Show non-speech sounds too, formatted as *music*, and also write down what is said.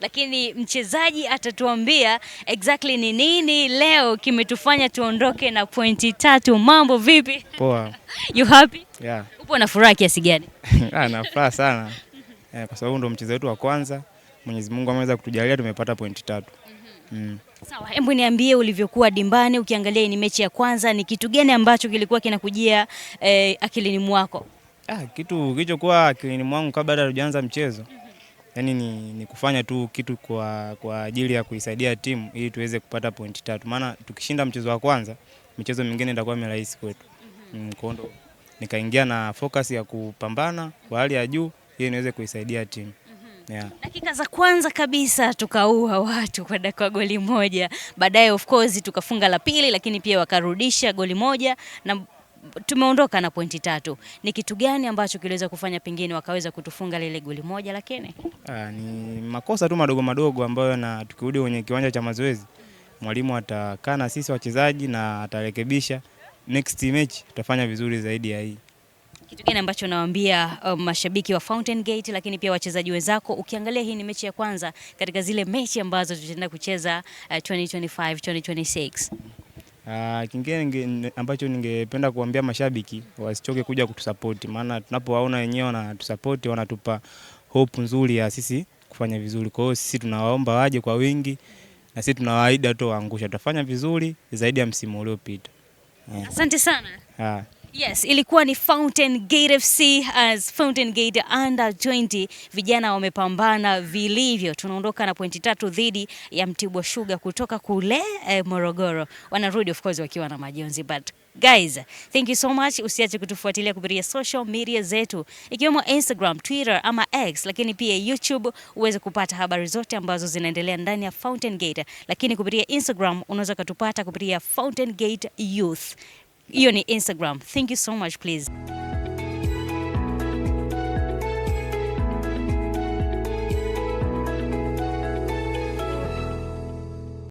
lakini mchezaji atatuambia exactly ni nini leo kimetufanya tuondoke na pointi tatu. Mambo vipi? Poa. *laughs* You happy? Yeah. Upo na furaha kiasi gani? *laughs* Ah, na furaha sana eh, kwa sababu ndo mchezo wetu wa kwanza. Mwenyezi Mungu ameweza kutujalia tumepata pointi tatu. Mhm. Mm. Sawa, hebu niambie ulivyokuwa dimbani ukiangalia ni mechi ya kwanza, ni kitu gani ambacho kilikuwa kinakujia eh, akilini mwako? Ah, kitu kilichokuwa akilini mwangu kabla hata tujaanza mchezo mm yani ni, ni kufanya tu kitu kwa, kwa ajili ya kuisaidia timu ili tuweze kupata pointi tatu, maana tukishinda mchezo wa kwanza michezo mingine itakuwa mirahisi kwetu. Mhm. Mm, nikaingia na focus ya kupambana kwa hali ya juu ili niweze kuisaidia timu. Mhm. Yeah. Dakika za kwanza kabisa tukaua watu kwa dakika goli moja, baadaye of course tukafunga la pili, lakini pia wakarudisha goli moja na tumeondoka na pointi tatu. Ni kitu gani ambacho kiliweza kufanya pengine wakaweza kutufunga lile goli moja? Lakini ah, ni makosa tu madogo madogo ambayo, na tukirudi kwenye kiwanja cha mazoezi, mwalimu atakaa na sisi wachezaji na atarekebisha. Next match tutafanya vizuri zaidi ya hii. Kitu gani ambacho nawaambia um, mashabiki wa Fountain Gate lakini pia wachezaji wenzako, ukiangalia hii ni mechi ya kwanza katika zile mechi ambazo tutaenda kucheza uh, 2025 2026. Uh, kingine nge, ambacho ningependa kuambia mashabiki wasichoke kuja kutusapoti, maana tunapowaona wenyewe wanatusapoti, wanatupa hope nzuri ya sisi kufanya vizuri. Kwa hiyo sisi tunawaomba waje kwa wingi, na sisi tunawaahidi waangusha tutafanya vizuri zaidi ya msimu uliopita. Eh. Asante sana. Ah. Yes, ilikuwa ni Fountain Gate FC as Fountain Gate under 20 vijana wamepambana vilivyo. Tunaondoka na pointi tatu dhidi ya Mtibwa Sugar kutoka kule eh, Morogoro. Wanarudi of course wakiwa na majonzi but guys, thank you so much. Usiache kutufuatilia kupitia social media zetu ikiwemo Instagram, Twitter ama X, lakini pia YouTube uweze kupata habari zote ambazo zinaendelea ndani ya Fountain Gate, lakini kupitia Instagram unaweza kutupata kupitia Fountain Gate Youth. hiyo ni Instagram. Thank you so much please.